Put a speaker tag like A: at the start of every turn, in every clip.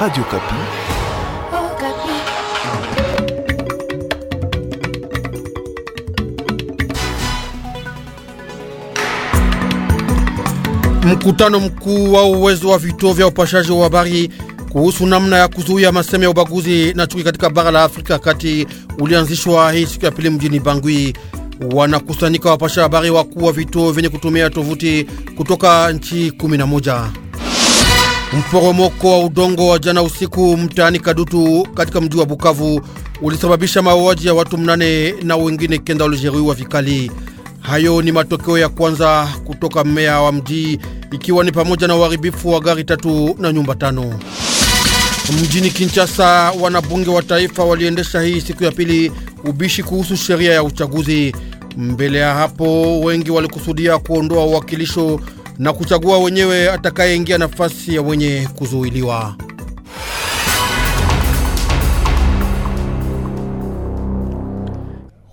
A: Radio Kapi.
B: Oh, Kapi.
C: Mkutano mkuu wa uwezo wa vituo vya upashaji wa habari kuhusu namna ya kuzuia maseme ya ubaguzi na chuki katika bara la Afrika kati ulianzishwa hii siku ya pili mjini Bangui. Wanakusanyika wapasha habari wakuu wa vituo vyenye kutumia tovuti kutoka nchi 11. Mporomoko wa udongo wa jana usiku mtaani Kadutu katika mji wa Bukavu ulisababisha mauaji ya watu mnane na wengine kenda walijeruhiwa vikali. Hayo ni matokeo ya kwanza kutoka mmea wa mji, ikiwa ni pamoja na uharibifu wa gari tatu na nyumba tano. Mjini Kinshasa, wanabunge wa taifa waliendesha hii siku ya pili ubishi kuhusu sheria ya uchaguzi. Mbele ya hapo, wengi walikusudia kuondoa uwakilisho na kuchagua wenyewe atakayeingia nafasi ya mwenye kuzuiliwa.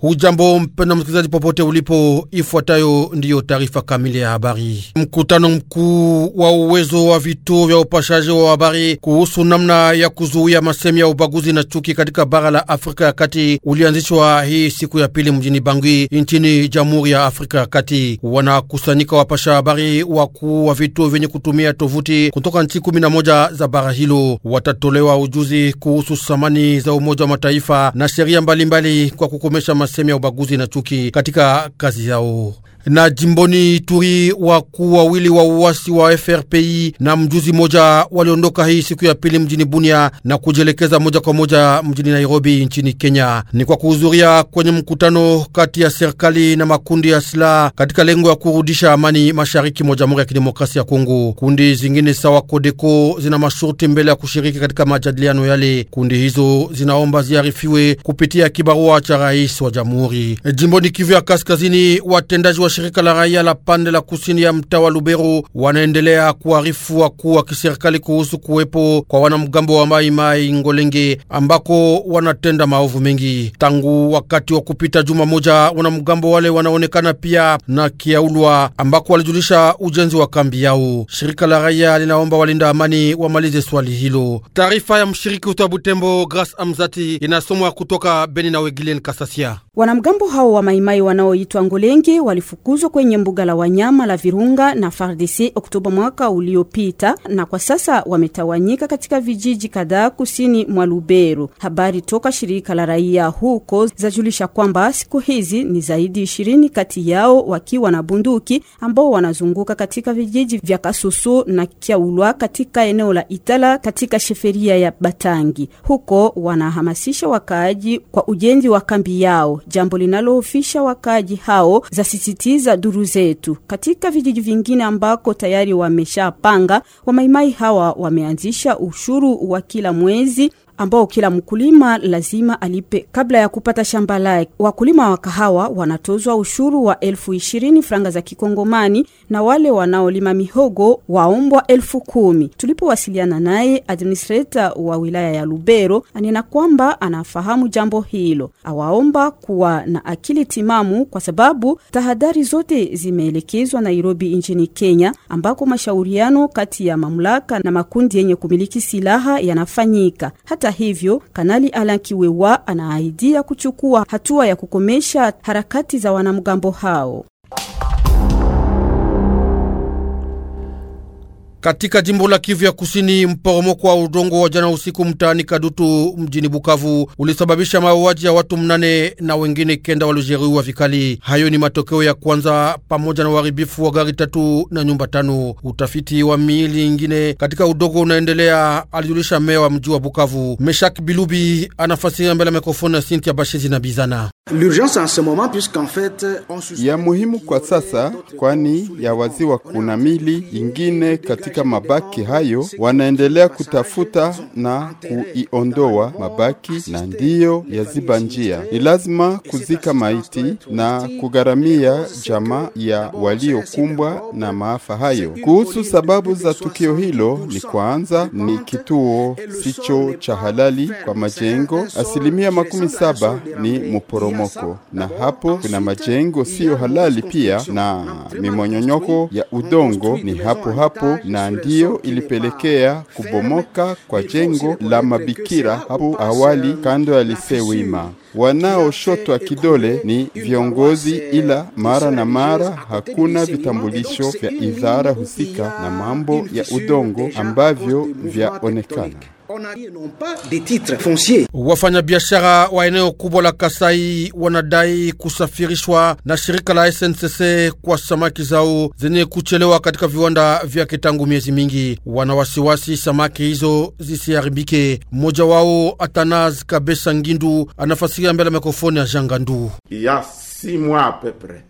C: Hujambo mpenda msikilizaji, popote ulipo, ifuatayo ndiyo taarifa kamili ya habari. Mkutano mkuu wa uwezo wa vituo vya upashaji wa habari kuhusu namna ya kuzuia masemi ya ubaguzi na chuki katika bara la Afrika ya Kati ulianzishwa hii siku ya pili mjini Bangui nchini Jamhuri ya Afrika ya Kati. Wanakusanyika wapasha habari wakuu wa vituo vyenye kutumia tovuti kutoka nchi kumi na moja za bara hilo, watatolewa ujuzi kuhusu samani za Umoja wa Mataifa na sheria mbalimbali kwa kukomesha sehemu ya ubaguzi na chuki katika kazi yao na jimboni Ituri wakuu wawili wa uwasi wa FRPI na mjuzi moja waliondoka hii siku ya pili mjini Bunia na kujielekeza moja kwa moja mjini Nairobi nchini Kenya. Ni kwa kuhudhuria kwenye mkutano kati ya serikali na makundi ya silaha katika lengo ya kurudisha amani mashariki mwa Jamhuri ya Kidemokrasia ya Kongo. Kundi zingine sawa Kodeko zina masharti mbele ya kushiriki katika majadiliano yale. Kundi hizo zinaomba ziarifiwe kupitia kibarua cha rais wa jamhuri. Jimboni Kivu ya Kaskazini, watendaji wa shirika la raia la pande la kusini ya mtaa wa Lubero wanaendelea kuarifu wakuu wa kiserikali kuhusu kuwepo kwa wanamgambo wa Maimai Ngolenge ambako wanatenda maovu mengi tangu wakati wa kupita juma moja. Wanamgambo wale wanaonekana pia na Kiaulwa ambako walijulisha ujenzi wa kambi yao. Shirika la raia linaomba walinda amani wamalize swali hilo. Taarifa ya mshiriki wa Butembo Grace Amzati inasomwa kutoka Beni na Wegilen Kasasia.
D: Wanamgambo hao wa Maimai wanaoitwa Ngolengi walifukuzwa kwenye mbuga la wanyama la Virunga na FARDC Oktoba mwaka uliopita, na kwa sasa wametawanyika katika vijiji kadhaa kusini mwa Lubero. Habari toka shirika la raia huko zajulisha kwamba siku hizi ni zaidi ishirini kati yao wakiwa na bunduki ambao wanazunguka katika vijiji vya Kasusu na Kyaulwa katika eneo la Itala katika sheferia ya Batangi. Huko wanahamasisha wakaaji kwa ujenzi wa kambi yao jambo linaloofisha wakaaji hao, zasisitiza duru zetu. Katika vijiji vingine ambako tayari wameshapanga, wamaimai hawa wameanzisha ushuru wa kila mwezi ambao kila mkulima lazima alipe kabla ya kupata shamba lake. Wakulima wa kahawa wanatozwa ushuru wa elfu ishirini franga za kikongomani na wale wanaolima mihogo waombwa elfu kumi. Tulipowasiliana naye administrator wa wilaya ya Lubero anena kwamba anafahamu jambo hilo, awaomba kuwa na akili timamu kwa sababu tahadhari zote zimeelekezwa Nairobi nchini Kenya, ambako mashauriano kati ya mamlaka na makundi yenye kumiliki silaha yanafanyika hata hata hivyo, Kanali Alan Kiwewa anaahidia kuchukua hatua ya kukomesha harakati za wanamgambo hao.
C: Katika jimbo la Kivu ya Kusini, mporomoko wa udongo wa jana usiku mtaani Kadutu mjini Bukavu ulisababisha mauaji ya watu mnane na wengine kenda waliojeruhiwa vikali. Hayo ni matokeo ya kwanza, pamoja na uharibifu wa gari tatu na nyumba tano. Utafiti wa miili ingine katika udongo unaendelea, alijulisha meya wa mji wa Bukavu. Meshak Bilubi anafasiria mbele ya mikrofoni ya Sintia Bashizi na Bizana.
B: Ya muhimu kwa sasa, kwani ya waziwa kuna mili ingine katika katika mabaki hayo wanaendelea kutafuta na kuiondoa mabaki, na ndiyo yaziba njia. Ni lazima kuzika maiti na kugharamia jamaa ya waliokumbwa na maafa hayo. Kuhusu sababu za tukio hilo, ni kwanza ni kituo sicho cha halali kwa majengo, asilimia makumi saba ni muporomoko, na hapo kuna majengo siyo halali pia, na mimonyonyoko ya udongo ni hapo hapo na ndiyo ilipelekea kubomoka kwa jengo la mabikira hapo awali kando ya Lise Wima. Wanaoshotwa kidole ni viongozi, ila mara na mara hakuna vitambulisho vya idara husika na mambo ya udongo ambavyo vyaonekana.
C: Wafanyabiashara wa eneo kubwa la Kasai wanadai kusafirishwa na shirika la SNCC kwa samaki zao zenye kuchelewa katika viwanda vyake tangu miezi mingi. Wanawasiwasi samaki hizo zisiharibike. Mmoja wao Atanas Kabesa Ngindu anafasiria mbele ya mikrofoni ya Jangandu. Yes mois peu près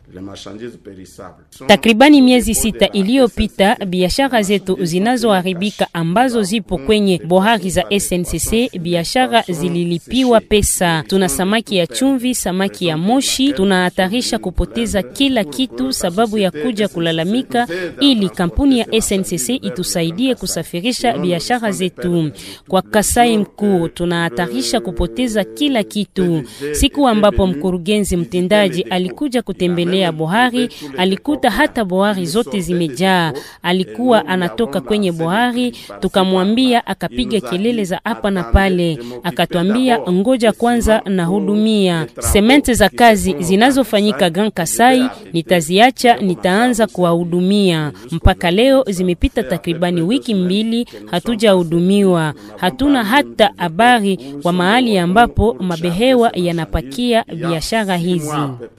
C: Takribani miezi
E: sita iliyopita, biashara zetu zinazoharibika ambazo zipo kwenye bohari za SNCC, biashara zililipiwa pesa. Tuna samaki ya chumvi, samaki ya moshi, tunahatarisha kupoteza kila kitu sababu ya kuja kulalamika, ili kampuni ya SNCC itusaidie kusafirisha biashara zetu kwa Kasai mkuu. Euh, tunahatarisha euh, kupoteza kila kitu siku ambapo mkurugenzi mtendaji alikuja kutembelea bohari, alikuta hata bohari zote zimejaa. Alikuwa anatoka kwenye bohari, tukamwambia, akapiga kelele za hapa na pale, akatwambia ngoja kwanza nahudumia semente za kazi zinazofanyika Grand Kasai, nitaziacha nitaanza kuwahudumia. Mpaka leo zimepita takribani wiki mbili, hatujahudumiwa, hatuna hata habari wa mahali ambapo mabehewa yanapakia biashara hizi.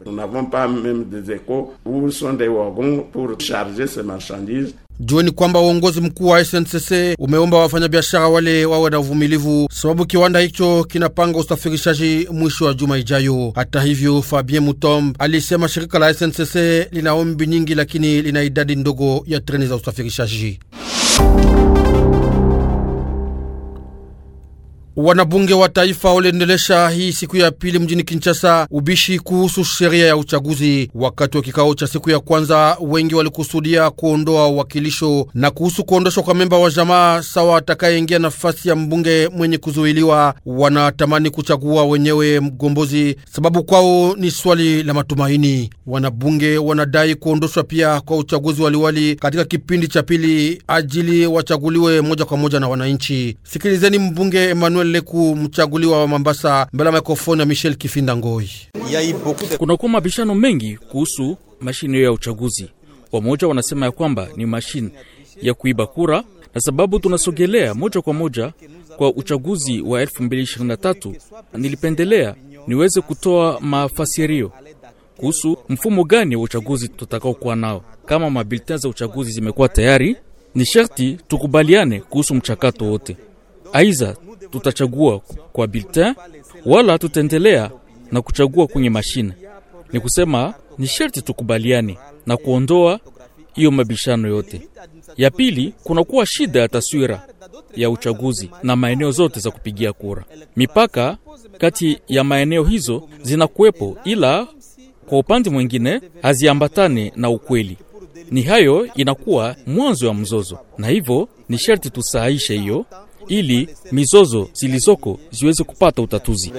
B: Nous n'avons pas même des échos où sont des wagons pour charger ces marchandises.
C: Jioni kwamba uongozi mkuu wa SNCC umeomba wafanyabiashara wale wawe na uvumilivu, sababu kiwanda hicho kinapanga usafirishaji mwisho wa juma ijayo. Hata hivyo, Fabien Mutomb alisema shirika la SNCC lina ombi nyingi, lakini lina idadi ndogo ya treni za usafirishaji. Wanabunge wa taifa waliendelesha hii siku ya pili mjini Kinshasa ubishi kuhusu sheria ya uchaguzi. Wakati wa kikao cha siku ya kwanza, wengi walikusudia kuondoa uwakilisho na kuhusu kuondoshwa kwa memba wa jamaa sawa atakayeingia nafasi ya mbunge mwenye kuzuiliwa. Wanatamani kuchagua wenyewe mgombozi, sababu kwao ni swali la matumaini. Wanabunge wanadai kuondoshwa pia kwa uchaguzi waliwali katika kipindi cha pili, ajili wachaguliwe moja kwa moja na wananchi. Sikilizeni mbunge Emmanuel Emmanuel Leku, mchaguliwa wa Mambasa, mbele ya mikrofoni ya Michel Kifinda Ngoi.
A: Kunakuwa mabishano mengi kuhusu mashine ya uchaguzi. Wamoja wanasema ya kwamba ni mashine ya kuiba kura, na sababu tunasogelea moja kwa moja kwa uchaguzi wa 2023 nilipendelea niweze kutoa mafasirio kuhusu mfumo gani wa uchaguzi tutakao kuwa nao. Kama mabilitani za uchaguzi zimekuwa tayari, ni sharti tukubaliane kuhusu mchakato wote aiza tutachagua kwa bulletin wala tutaendelea na kuchagua kwenye mashine. Ni kusema ni sharti tukubaliane na kuondoa hiyo mabishano yote. Ya pili, kunakuwa shida ya taswira ya uchaguzi na maeneo zote za kupigia kura. Mipaka kati ya maeneo hizo zinakuwepo, ila kwa upande mwingine haziambatane na ukweli. Ni hayo inakuwa mwanzo wa mzozo, na hivyo ni sharti tusahaishe hiyo ili mizozo zilizoko ziweze kupata utatuzi.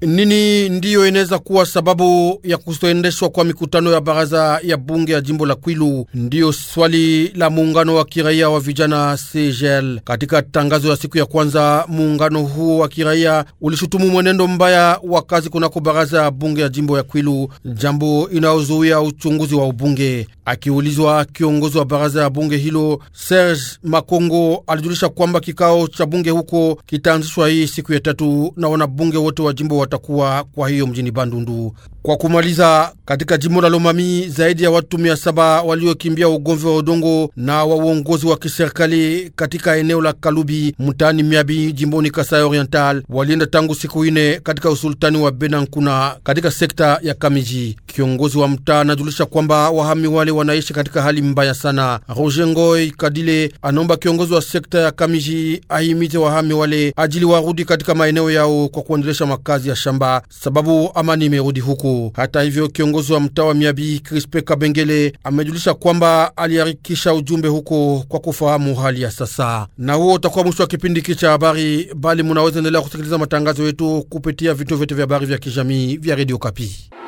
C: Nini ndiyo inaweza kuwa sababu ya kutoendeshwa kwa mikutano ya baraza ya bunge ya jimbo la Kwilu? Ndiyo swali la muungano wa kiraia wa vijana CGL. Katika tangazo ya siku ya kwanza, muungano huo wa kiraia ulishutumu mwenendo mbaya wa kazi kunako baraza ya bunge ya jimbo ya Kwilu, jambo inayozuia uchunguzi wa ubunge. Akiulizwa kiongozi wa baraza ya bunge hilo Serge Makongo alijulisha kwamba kikao cha bunge huko kitaanzishwa hii siku ya tatu na wanabunge wote wa jimbo watakuwa kwa hiyo mjini Bandundu. Kwa kumaliza, katika jimbo la Lomami zaidi ya watu mia saba waliokimbia ugomvi wa udongo na wa uongozi wa kiserikali katika eneo la Kalubi mtaani Miabi jimboni Kasai Oriental walienda tangu siku ine katika usultani wa Benankuna katika sekta ya Kamiji. Kiongozi wa mtaa anajulisha kwamba wahami wale wanaishi katika hali mbaya sana. Roger Ngoi Kadile anaomba kiongozi wa sekta ya Kamiji ahimize wahami wale ajili warudi katika maeneo yao kwa kuendelesha makazi ya shamba, sababu amani imerudi huku. Hata hivyo, kiongozi wa mtaa wa Miabi Krispe Kabengele amejulisha kwamba aliharikisha ujumbe huko kwa kufahamu hali ya sasa. Na huo utakuwa mwisho wa kipindi hiki cha habari, bali munaweza endelea kusikiliza matangazo yetu kupitia vituo vyote vya habari vya kijamii vya redio Kapi.